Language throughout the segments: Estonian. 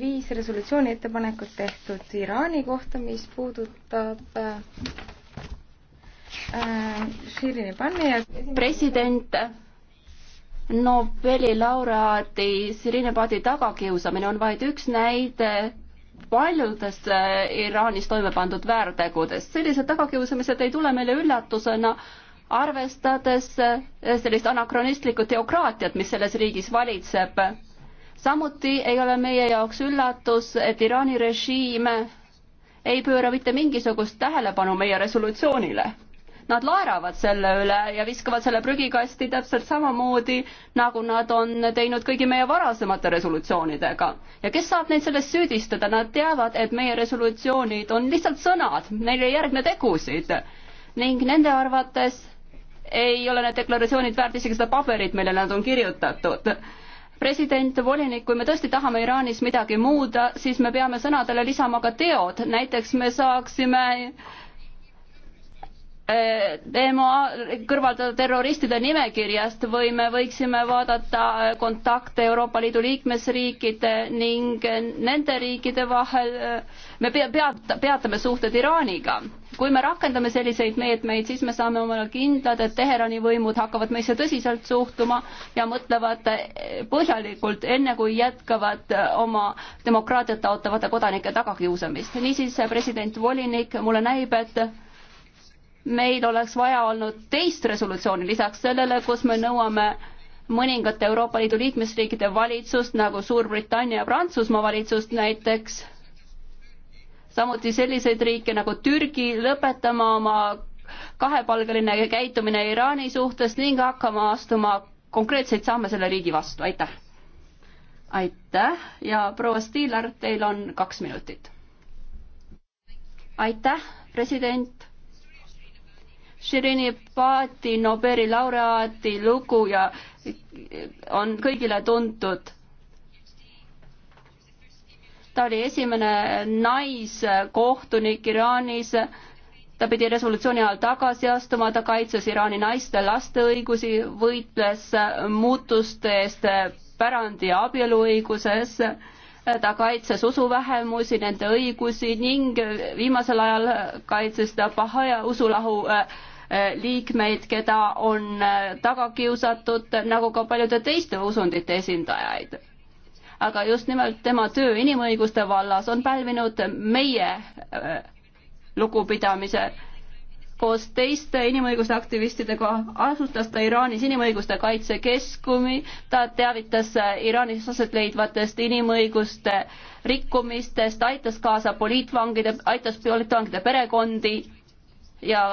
viis resolutsiooni ettepanekut tehtud Iraani kohta, mis puudutab äh, Shirini Panni ja president Nobeli laureaadi Shirini Padi tagakiusamine on vaid üks näide paljudest äh, Iraanis toime pandud väärtegudest. sellised tagakiusamised ei tule meile üllatusena, arvestades äh, sellist anakronistlikku teokraatiat, mis selles riigis valitseb samuti ei ole meie jaoks üllatus, et Iraani režiim ei pööra mitte mingisugust tähelepanu meie resolutsioonile. Nad laeravad selle üle ja viskavad selle prügikasti täpselt samamoodi, nagu nad on teinud kõigi meie varasemate resolutsioonidega. ja kes saab neid selles süüdistada, nad teavad, et meie resolutsioonid on lihtsalt sõnad, neil ei järgne tegusid. ning nende arvates ei ole need deklaratsioonid väärt isegi seda paberit, millele nad on kirjutatud president, volinik, kui me tõesti tahame Iraanis midagi muuda, siis me peame sõnadele lisama ka teod, näiteks me saaksime tema kõrvaldada terroristide nimekirjast või me võiksime vaadata kontakte Euroopa Liidu liikmesriikide ning nende riikide vahel, me peat-, peatame suhted Iraaniga. kui me rakendame selliseid meetmeid, siis me saame omale kindlad, et Teherani võimud hakkavad meisse tõsiselt suhtuma ja mõtlevad põhjalikult, enne kui jätkavad oma demokraatiat taotlevate kodanike tagakiusamist. niisiis, president volinik, mulle näib, et meil oleks vaja olnud teist resolutsiooni lisaks sellele, kus me nõuame mõningate Euroopa Liidu liikmesriikide valitsust nagu Suurbritannia ja Prantsusmaa valitsust näiteks, samuti selliseid riike nagu Türgi lõpetama oma kahepalgeline käitumine Iraani suhtes ning hakkama astuma konkreetseid samme selle riigi vastu, aitäh! aitäh ja proua Stiiler, teil on kaks minutit. aitäh, president Shirini Paati Nobeli laureaati lugu ja on kõigile tuntud. ta oli esimene naiskohtunik Iraanis ta pidi resolutsiooni ajal tagasi astuma, ta kaitses Iraani naiste laste õigusi, võitles muutuste eest pärandi ja abieluõiguses, ta kaitses usuvähemusi, nende õigusi ning viimasel ajal kaitses ta Bahaja usulahu äh, Eh, liikmeid, keda on eh, taga kiusatud, nagu ka paljude teiste usundite esindajaid. aga just nimelt tema töö inimõiguste vallas on pälvinud meie eh, lugupidamise koos teiste inimõiguste aktivistidega asustas ta Iraanis inimõiguste kaitsekeskumi, ta teavitas Iraanis aset leidvatest inimõiguste rikkumistest, aitas kaasa poliitvangide, aitas poliitvangide perekondi ja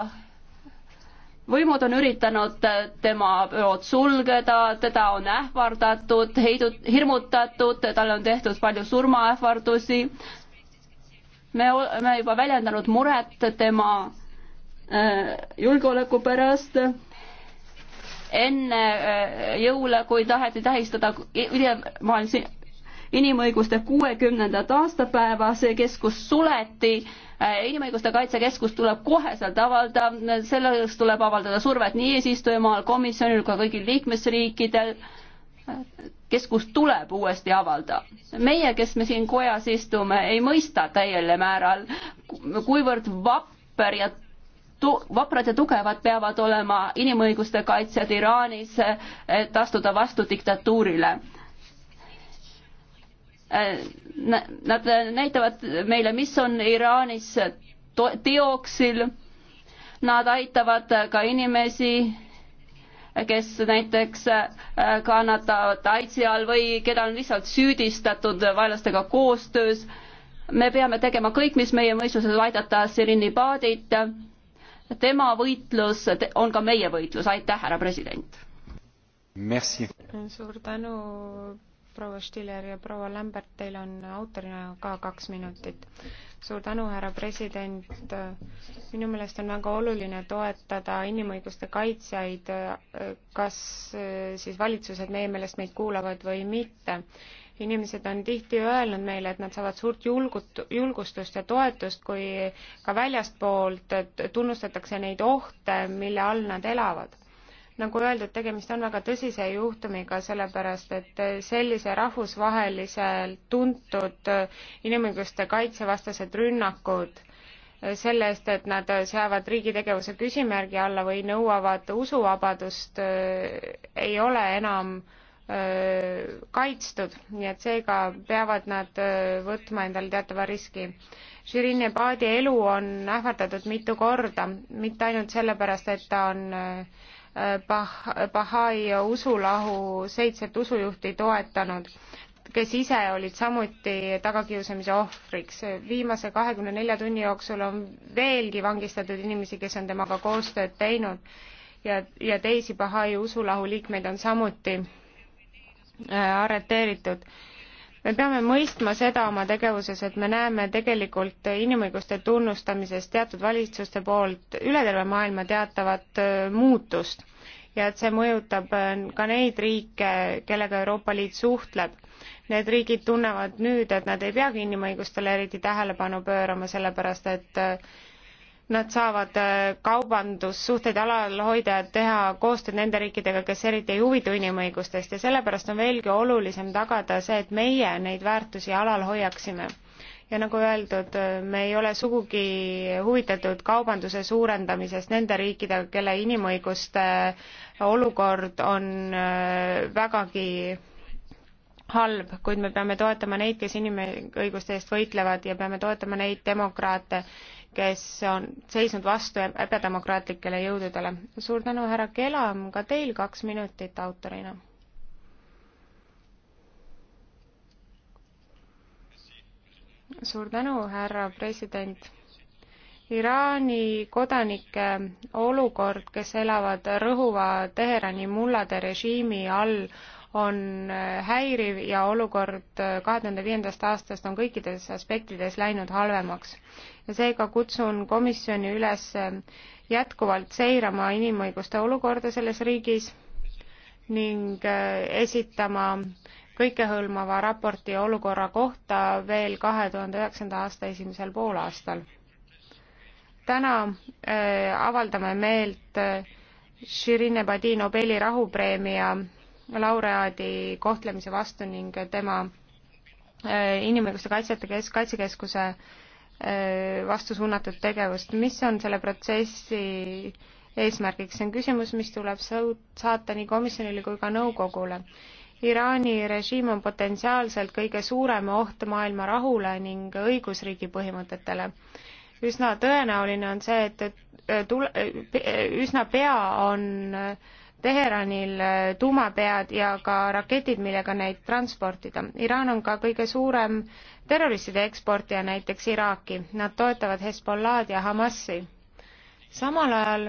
võimud on üritanud tema bürood sulgeda, teda on ähvardatud, heidut-, hirmutatud, talle on tehtud palju surmaähvardusi. me oleme juba väljendanud muret tema äh, julgeoleku pärast. enne äh, jõule, kui taheti tähistada ülemaailmse inimõiguste kuuekümnendat aastapäeva, see keskus suleti äh, inimõiguste kaitsekeskus tuleb koheselt avaldada, selleks tuleb avaldada survet nii eesistujamaal, komisjonil, ka kõigil liikmesriikidel. keskus tuleb uuesti avaldada. meie, kes me siin kojas istume, ei mõista täiel määral, kuivõrd vapper ja vaprad ja tugevad peavad olema inimõiguste kaitsjad Iraanis, et astuda vastu diktatuurile Äh, nad näitavad meile, mis on Iraanis teoksil. Nad aitavad ka inimesi, kes näiteks äh, kannatavad AIDSi all või keda on lihtsalt süüdistatud vaenlastega koostöös. me peame tegema kõik, mis meie mõistuses aidata Sirini Paadit. tema võitlus on ka meie võitlus, aitäh, härra president! suur tänu proua Stiller ja proua Lambert, teil on autorina ka kaks minutit. suur tänu, härra president. minu meelest on väga oluline toetada inimõiguste kaitsjaid, kas siis valitsused meie meelest meid kuulavad või mitte inimesed on tihti öelnud meile, et nad saavad suurt julgut-, julgustust ja toetust, kui ka väljastpoolt tunnustatakse neid ohte, mille all nad elavad nagu öeldud, tegemist on väga tõsise juhtumiga, sellepärast et sellise rahvusvaheliselt tuntud inimõiguste kaitsevastased rünnakud selle eest, et nad seavad riigi tegevuse küsimärgi alla või nõuavad usuvabadust, eh, ei ole enam eh, kaitstud, nii et seega peavad nad eh, võtma endale teatava riski. Shirin Ebadi elu on ähvardatud mitu korda, mitte ainult sellepärast, et ta on äh, Äh, bah-, Bahai usulahu seitset usujuhti toetanud, kes ise olid samuti tagakiusamise ohvriks. viimase kahekümne nelja tunni jooksul on veelgi vangistatud inimesi, kes on temaga koostööd teinud ja, ja teisi Bahai usulahu liikmeid on samuti äh, arreteeritud me peame mõistma seda oma tegevuses, et me näeme tegelikult inimõiguste tunnustamises teatud valitsuste poolt üle terve maailma teatavat äh, muutust ja et see mõjutab äh, ka neid riike, kellega Euroopa Liit suhtleb. Need riigid tunnevad nüüd, et nad ei peagi inimõigustele eriti tähelepanu pöörama, sellepärast et äh, Nad saavad äh, kaubandussuhteid alal hoida ja teha koostööd nende riikidega, kes eriti ei huvitu inimõigustest ja sellepärast on veelgi olulisem tagada see, et meie neid väärtusi alal hoiaksime ja nagu öeldud, äh, me ei ole sugugi huvitatud kaubanduse suurendamisest nende riikidega, kelle inimõiguste äh, olukord on vägagi halb, kuid me peame toetama neid, kes inimõiguste eest võitlevad ja peame toetama neid demokraate, kes on seisnud vastu ebademokraatlikele jõududele. suur tänu, härra Kelam, ka teil kaks minutit autorina. suur tänu, härra president. Iraani kodanike olukord, kes elavad rõhuva Teherani mullade režiimi all, on äh, häiriv ja olukord äh, kahe tuhande viiendast aastast on kõikides aspektides läinud halvemaks. ja seega kutsun komisjoni üles äh, jätkuvalt seirama inimõiguste olukorda selles riigis ning esitama kõikehõlmava raporti olukorra kohta veel kahe tuhande üheksanda aasta esimesel poolaastal. täna äh, avaldame meelt äh, Shirine Badi Nobeli rahupreemia laureaadi kohtlemise vastu ning tema äh, inimõiguste kaitsjate kes-, kaitsekeskuse äh, vastu suunatud tegevust. mis on selle protsessi eesmärgiks, see on küsimus, mis tuleb saata nii komisjonile kui ka nõukogule. Iraani režiim on potentsiaalselt kõige suurem oht maailma rahule ning õigusriigi põhimõtetele. üsna tõenäoline on see, et, et tule, üsna pea on äh, Teheranil äh, tuumapead ja ka raketid, millega neid transportida. Iraan on ka kõige suurem terroristide eksportija näiteks Iraaki. Nad toetavad Hezbollah'd ja Hamasi. samal ajal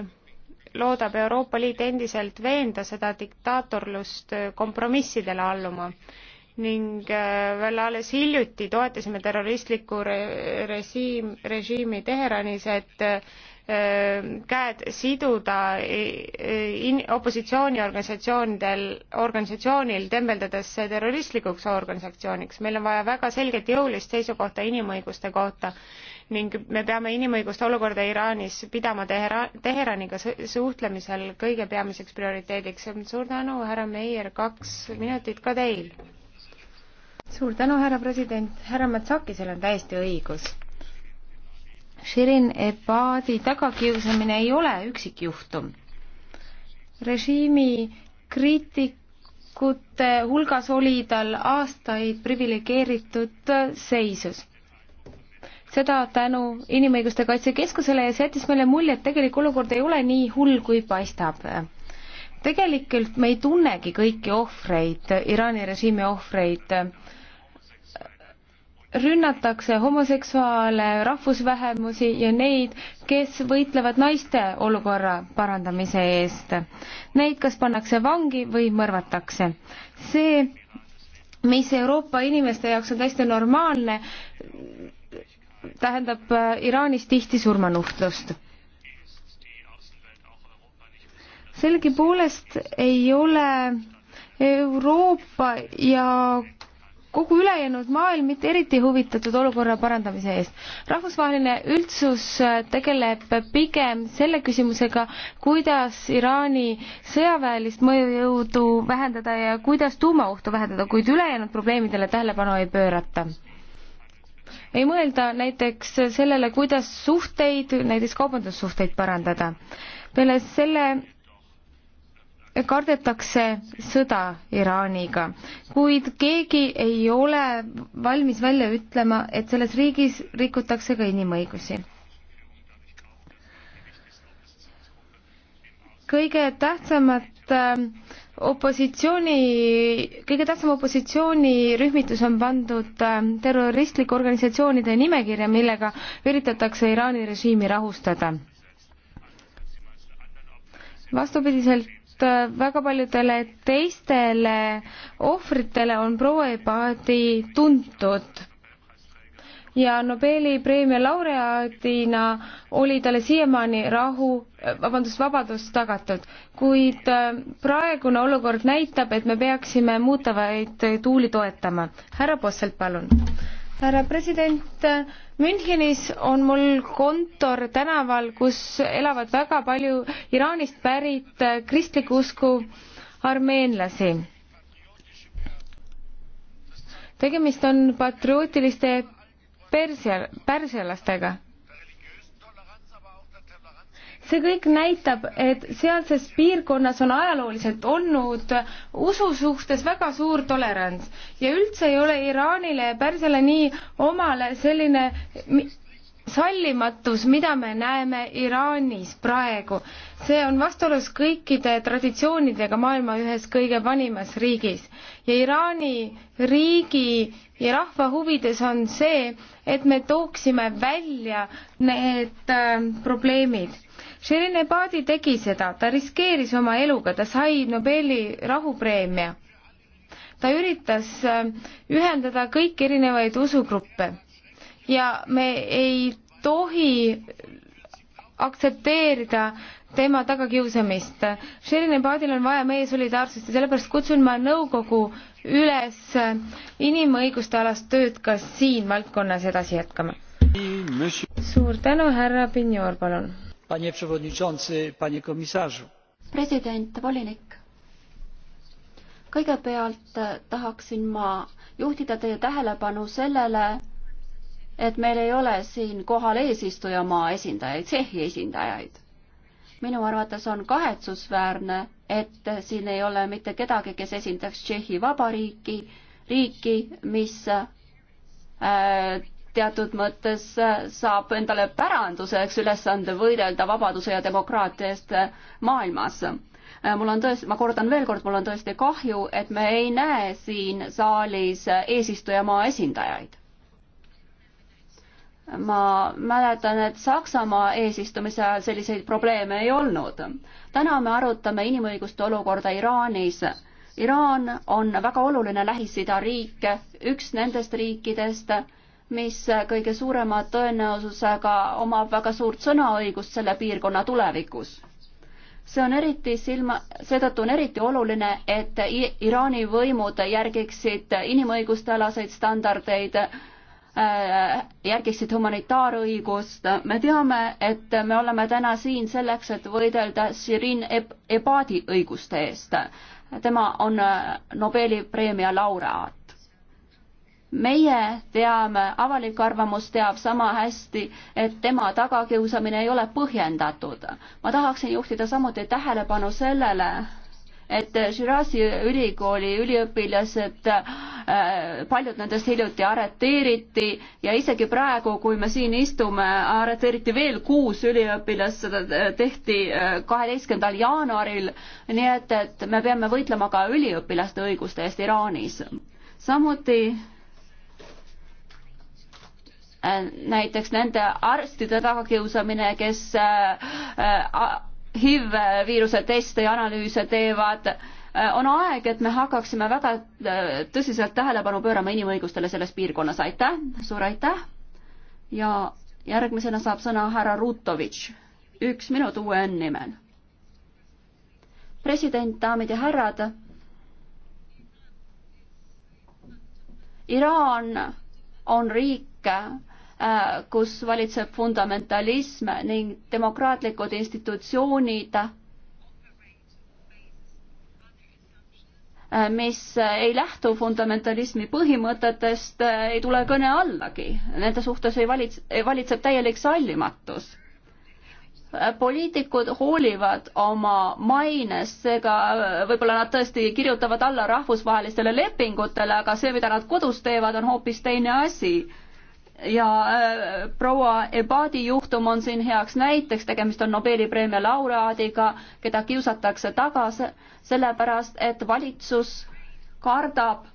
loodab Euroopa Liit endiselt veenda seda diktaatorlust äh, kompromissidele alluma ning äh, veel alles hiljuti toetasime terroristlikku režiim, režiimi Teheranis, et Äh, käed siduda äh, äh, opositsiooniorganisatsioonidel, organisatsioonil tembeldades terroristlikuks organisatsiooniks. meil on vaja väga selget jõulist seisukohta inimõiguste kohta ning me peame inimõiguste olukorda Iraanis pidama Tehera-, Teheraniga suhtlemisel kõige peamiseks prioriteediks. suur tänu, härra Meier, kaks minutit ka teil. suur tänu, härra president, härra Matsakisel on täiesti õigus Shirin Ebadi tagakiusamine ei ole üksikjuhtum. režiimi kriitikute hulgas oli tal aastaid priviligeeritud seisus. seda tänu Inimõiguste Kaitsekeskusele ja see jättis meile mulje, et tegelik olukord ei ole nii hull, kui paistab. tegelikult me ei tunnegi kõiki ohvreid, Iraani režiimi ohvreid rünnatakse homoseksuaale, rahvusvähemusi ja neid, kes võitlevad naiste olukorra parandamise eest. Neid kas pannakse vangi või mõrvatakse. see, mis Euroopa inimeste jaoks on täiesti normaalne, tähendab äh, Iraanis tihti surmanuhtlust. sellegipoolest ei ole Euroopa jaoks kogu ülejäänud maailm mitte eriti huvitatud olukorra parandamise eest. rahvusvaheline üldsus äh, tegeleb pigem selle küsimusega, kuidas Iraani sõjaväelist mõjujõudu vähendada ja kuidas tuumaohtu vähendada, kuid ülejäänud probleemidele tähelepanu ei pöörata ei mõelda näiteks sellele, kuidas suhteid, näiteks kaubandussuhteid parandada. peale selle kardetakse sõda Iraaniga, kuid keegi ei ole valmis välja ütlema, et selles riigis rikutakse ka inimõigusi kõige tähtsamat ähm, opositsiooni, kõige tähtsam opositsioonirühmitus on pandud ähm, terroristlike organisatsioonide nimekirja, millega üritatakse Iraani režiimi rahustada. vastupidiselt Äh, väga paljudele teistele ohvritele on proua Ebadi tuntud ja Nobeli preemia laureaadina oli talle siiamaani rahu, äh, vabandust, vabadus tagatud. kuid äh, praegune olukord näitab, et me peaksime muutavaid tuuli toetama. härra Posselt, palun. härra president Münchenis on mul kontor tänaval, kus elavad väga palju Iraanist pärit kristliku usku armeenlasi. tegemist on patriootiliste persia, persialastega see kõik näitab, et sealses piirkonnas on ajalooliselt olnud usu suhtes väga suur tolerants ja üldse ei ole Iraanile ja Pärsiale nii omale selline sallimatus, mida me näeme Iraanis praegu. see on vastuolus kõikide traditsioonidega maailma ühes kõige vanimas riigis ja Iraani riigi ja rahva huvides on see, et me tooksime välja need äh, probleemid Shirin Ebadi tegi seda, ta riskeeris oma eluga, ta sai Nobeli rahupreemia. ta üritas äh, ühendada kõiki erinevaid usugruppe ja me ei tohi aktsepteerida tema tagakiusamist. Shirin Ebadil on vaja meie solidaarsust ja sellepärast kutsun ma nõukogu üles äh, inimõiguste alast tööd ka siin valdkonnas edasi jätkama. suur tänu, härra Pinjor, palun panie przewodniczący panie komisarzu president volinik kõigepealt eh, tahaksin ma juhtida teie tähelepanu sellele et meil ei ole siin kohal eesistujamaa esindajaid tsehhi esindajaid minu arvates on kahetsusväärne et siin ei ole mitte kedagi kes esindaks tšehhi vabariiki riiki mis äh, teatud mõttes saab endale päranduseks ülesande võidelda vabaduse ja demokraatia eest maailmas. mul on tõesti, ma kordan veel kord, mul on tõesti kahju, et me ei näe siin saalis eesistujamaa esindajaid ma mäletan, et Saksamaa eesistumise ajal selliseid probleeme ei olnud. täna me arutame inimõiguste olukorda Iraanis. Iraan on väga oluline Lähis-Ida riik, üks nendest riikidest, mis kõige suurema tõenäosusega omab väga suurt sõnaõigust selle piirkonna tulevikus see on eriti silma, seetõttu on eriti oluline, et Iraani võimud järgiksid inimõiguste alaseid standardeid, äh, järgiksid humanitaarõigust. me teame, et me oleme täna siin selleks, et võidelda Shirin Ebadi õiguste eest. tema on äh, Nobeli preemia laureaat meie teame, avalik arvamus teab sama hästi, et tema tagakiusamine ei ole põhjendatud. ma tahaksin juhtida samuti tähelepanu sellele, et Shirazi ülikooli üliõpilased, äh, paljud nendest hiljuti arreteeriti ja isegi praegu, kui me siin istume, arreteeriti veel kuus üliõpilast, seda äh, tehti äh, kaheteistkümnendal jaanuaril, nii et, et me peame võitlema ka üliõpilaste õiguste eest Iraanis. samuti Äh, näiteks nende arstide tagakiusamine, kes äh, äh, HIV-viiruse teste ja analüüse teevad. on aeg, et me hakkaksime väga tõsiselt tähelepanu pöörama inimõigustele selles piirkonnas, aitäh, suur aitäh. ja järgmisena saab sõna härra Rutovitš, üks minut UN nimel. president, daamid ja härrad. Iraan on riik, riike, Äh, kus valitseb fundamentalism ning demokraatlikud institutsioonid, äh, mis ei lähtu fundamentalismi põhimõtetest, äh, ei tule kõne allagi. Nende suhtes ei valits-, valitseb täielik sallimatus poliitikud hoolivad oma mainest, seega võib-olla nad tõesti kirjutavad alla rahvusvahelistele lepingutele, aga see, mida nad kodus teevad, on hoopis teine asi ja äh, proua Ebadi juhtum on siin heaks näiteks, tegemist on Nobeli preemia laureaadiga, keda kiusatakse taga sellepärast, et valitsus kardab,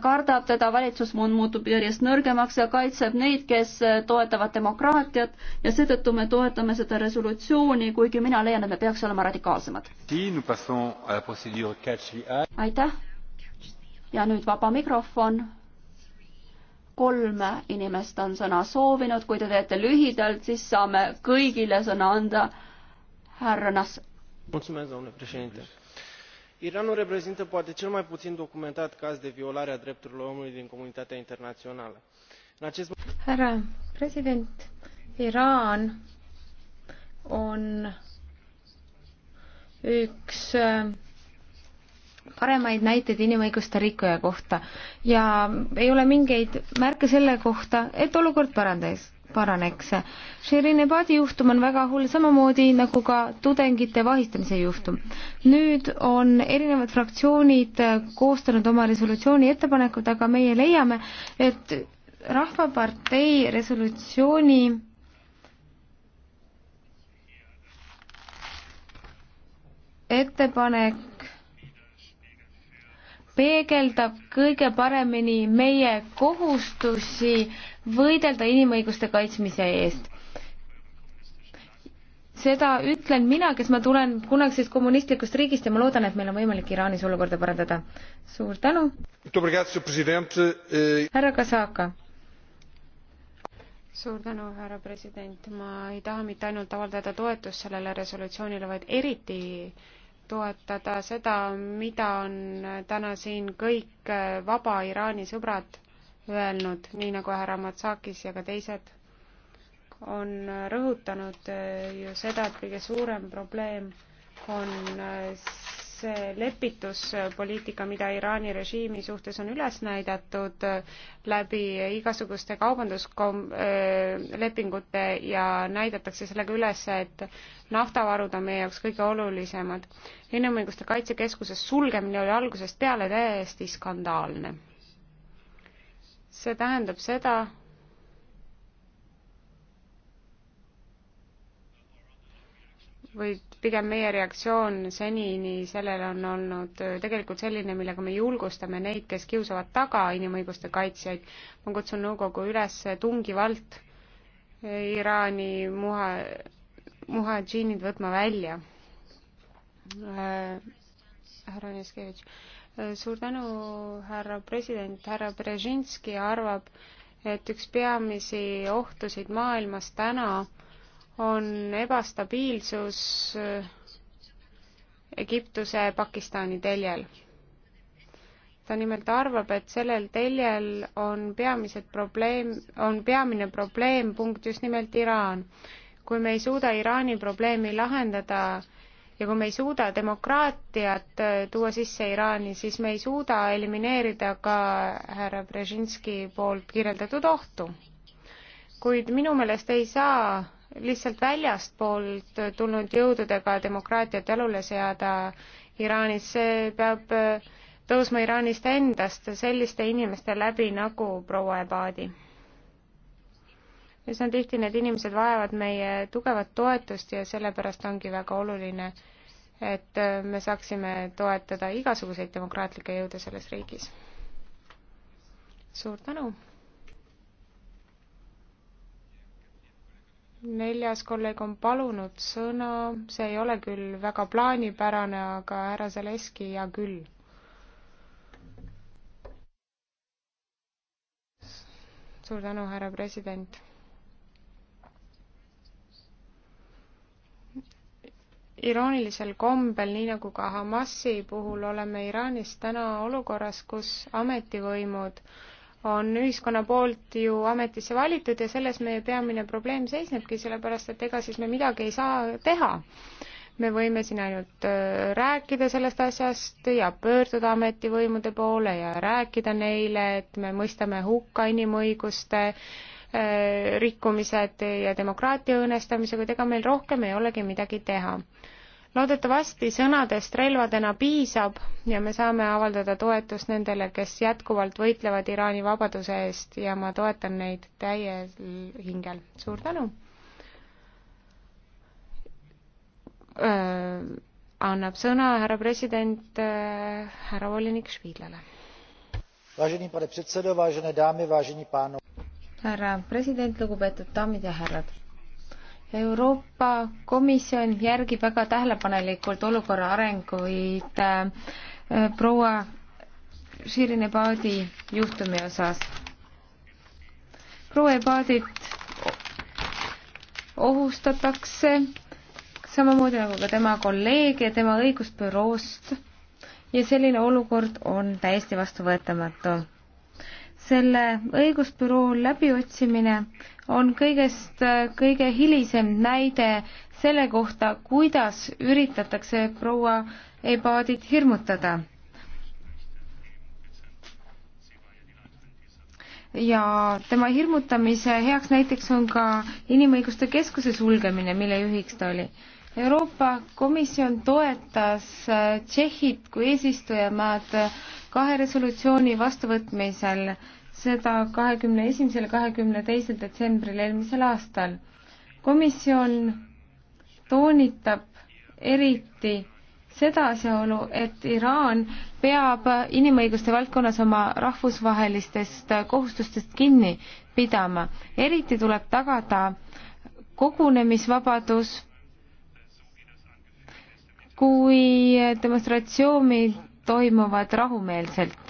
kardab teda, valitsus muutub järjest nõrgemaks ja kaitseb neid, kes toetavad demokraatiat ja seetõttu me toetame seda resolutsiooni, kuigi mina leian, et me peaks olema radikaalsemad. aitäh ja nüüd vaba mikrofon. kolm inimest on sõna soovinud, kui te teete lühidalt, siis saame kõigile sõna anda. härra Nas-. iranul reprezintă poate cel mai puțin documentat caz de violare a drepturilor omului din comunitatea internațională. härra president, Iraan on üks paremaid näiteid inimõiguste rikkuja kohta ja ei ole mingeid märke selle kohta, et olukord parandas, paraneks. Shirin Ebadi juhtum on väga hull, samamoodi nagu ka tudengite vahistamise juhtum. nüüd on erinevad fraktsioonid koostanud oma resolutsiooni ettepanekud, aga meie leiame, et Rahvapartei resolutsiooni ettepanek peegeldab kõige paremini meie kohustusi võidelda inimõiguste kaitsmise eest. seda ütlen mina, kes ma tulen kunagisest kommunistlikust riigist ja ma loodan, et meil on võimalik Iraanis olukorda parandada. suur tänu. Eh, härra Kasaka. suur tänu, härra president, ma ei taha mitte ainult avaldada toetust sellele resolutsioonile, vaid eriti toetada seda, mida on täna siin kõik Vaba Iraani sõbrad öelnud, nii nagu härra Matsakis ja ka teised on rõhutanud ju seda, et kõige suurem probleem on see lepituspoliitika, mida Iraani režiimi suhtes on üles näidatud äh, läbi igasuguste kaubanduslepingute äh, ja näidatakse sellega üles, et naftavarud on meie jaoks kõige olulisemad. inimõiguste kaitsekeskuse sulgemine oli algusest peale täiesti skandaalne. see tähendab seda, või pigem meie reaktsioon senini sellele on olnud äh, tegelikult selline, millega me julgustame neid, kes kiusavad taga inimõiguste kaitsjaid. ma kutsun nõukogu üles tungivalt äh, Iraani muha, muhadžiinid võtma välja. Äh, härra Neskevitš, suur tänu, härra president, härra Brežinski arvab, et üks peamisi ohtusid maailmas täna äh, on ebastabiilsus äh, Egiptuse ja Pakistani teljel. ta nimelt arvab, et sellel teljel on peamised probleem, on peamine probleempunkt just nimelt Iraan. kui me ei suuda Iraani probleemi lahendada ja kui me ei suuda demokraatiat äh, tuua sisse Iraani, siis me ei suuda elimineerida ka härra Brežinski poolt kirjeldatud ohtu. kuid minu meelest ei saa lihtsalt väljastpoolt tulnud jõududega demokraatiat jalule seada Iraanis, see peab tõusma Iraanist endast selliste inimeste läbi nagu proua Ebadi. üsna tihti need inimesed vajavad meie tugevat toetust ja sellepärast ongi väga oluline, et me saaksime toetada igasuguseid demokraatlikke jõude selles riigis. suur tänu! neljas kolleeg on palunud sõna, see ei ole küll väga plaanipärane, aga härra Zaleski, hea küll. suur tänu, härra president. iroonilisel kombel, nii nagu ka Hamasi puhul, oleme Iraanis täna olukorras, kus ametivõimud on ühiskonna poolt ju ametisse valitud ja selles meie peamine probleem seisnebki, sellepärast et ega siis me midagi ei saa teha. me võime siin ainult äh, rääkida sellest asjast ja pöörduda ametivõimude poole ja rääkida neile, et me mõistame hukka inimõiguste äh, rikkumised ja demokraatia õõnestamisega, et ega meil rohkem ei olegi midagi teha loodetavasti sõnadest relvadena piisab ja me saame avaldada toetust nendele, kes jätkuvalt võitlevad Iraani vabaduse eest ja ma toetan neid täiel hingel. suur tänu! annab sõna härra president härra volinik Švidlale. härra president, lugupeetud daamid ja härrad Euroopa Komisjon järgib väga tähelepanelikult olukorra arenguid äh, proua Shirine Paadi juhtumi osas. proua Paadit ohustatakse samamoodi nagu ka tema kolleeg ja tema õigusbüroost ja selline olukord on täiesti vastuvõetamatu selle õigusbüroo läbiotsimine on kõigest äh, kõige hilisem näide selle kohta, kuidas üritatakse proua Ebadit hirmutada. ja tema hirmutamise heaks näiteks on ka Inimõiguste Keskuse sulgemine, mille juhiks ta oli. Euroopa Komisjon toetas äh, Tšehhit kui eesistujamaad kahe resolutsiooni vastuvõtmisel seda kahekümne esimesel, kahekümne teisel detsembril eelmisel aastal. komisjon toonitab eriti seda asjaolu, et Iraan peab inimõiguste valdkonnas oma rahvusvahelistest kohustustest kinni pidama. eriti tuleb tagada kogunemisvabadus, kui demonstratsioonid toimuvad rahumeelselt,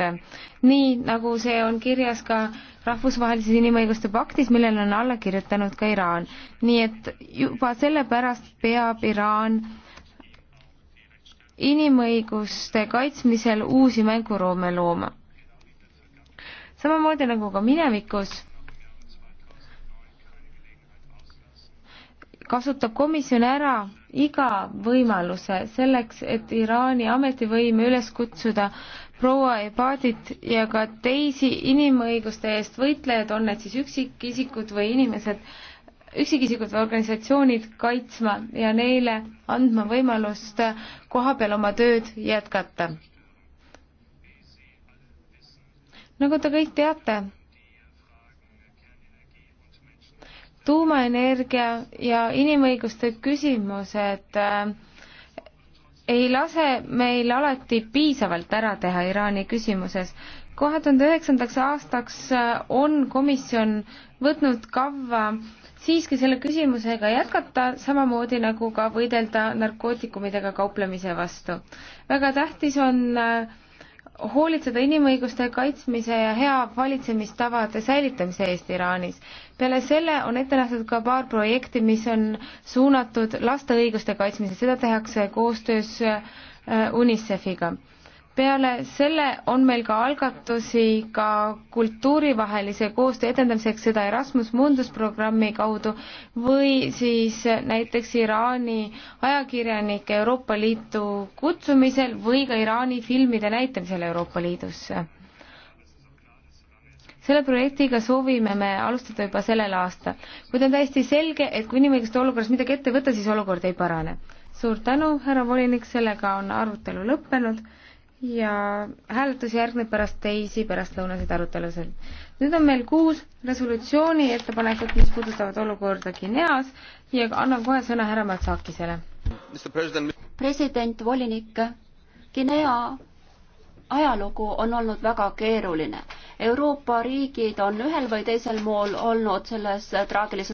nii nagu see on kirjas ka rahvusvahelises inimõiguste paktis, millele on alla kirjutanud ka Iraan. nii et juba sellepärast peab Iraan inimõiguste kaitsmisel uusi mänguruume looma. samamoodi nagu ka minevikus kasutab komisjon ära iga võimaluse selleks, et Iraani ametivõime üles kutsuda proua Ebadit ja ka teisi inimõiguste eest võitlejad, on need siis üksikisikud või inimesed, üksikisikud või organisatsioonid kaitsma ja neile andma võimalust kohapeal oma tööd jätkata. nagu te kõik teate tuumaenergia ja inimõiguste küsimused äh, ei lase meil alati piisavalt ära teha Iraani küsimuses. kahe tuhande üheksandaks aastaks äh, on komisjon võtnud kavva siiski selle küsimusega jätkata, samamoodi nagu ka võidelda narkootikumidega kauplemise vastu. väga tähtis on äh, hoolitseda inimõiguste kaitsmise ja hea valitsemistavade säilitamise eest Iraanis. peale selle on ette nähtud ka paar projekti, mis on suunatud laste õiguste kaitsmisele, seda tehakse koostöös äh, UNICEF-iga peale selle on meil ka algatusi ka kultuurivahelise koostöö edendamiseks, seda Erasmus Mundus programmi kaudu või siis näiteks Iraani ajakirjanike Euroopa Liitu kutsumisel või ka Iraani filmide näitamisel Euroopa Liidusse. selle projektiga soovime me alustada juba sellel aastal, kuid on täiesti selge, et kui inimõiguste olukorras midagi ette võtta, siis olukord ei parane. suur tänu, härra volinik, sellega on arutelu lõppenud ja hääletus järgneb pärast teisi pärastlõunaseid arutelusid. nüüd on meil kuus resolutsiooni ettepanekut, mis puudutavad olukorda Guineas ja annan kohe sõna härra Matsakisele. president, volinik, Guinea ajalugu on olnud väga keeruline. Euroopa riigid on ühel või teisel moel olnud selles traagilises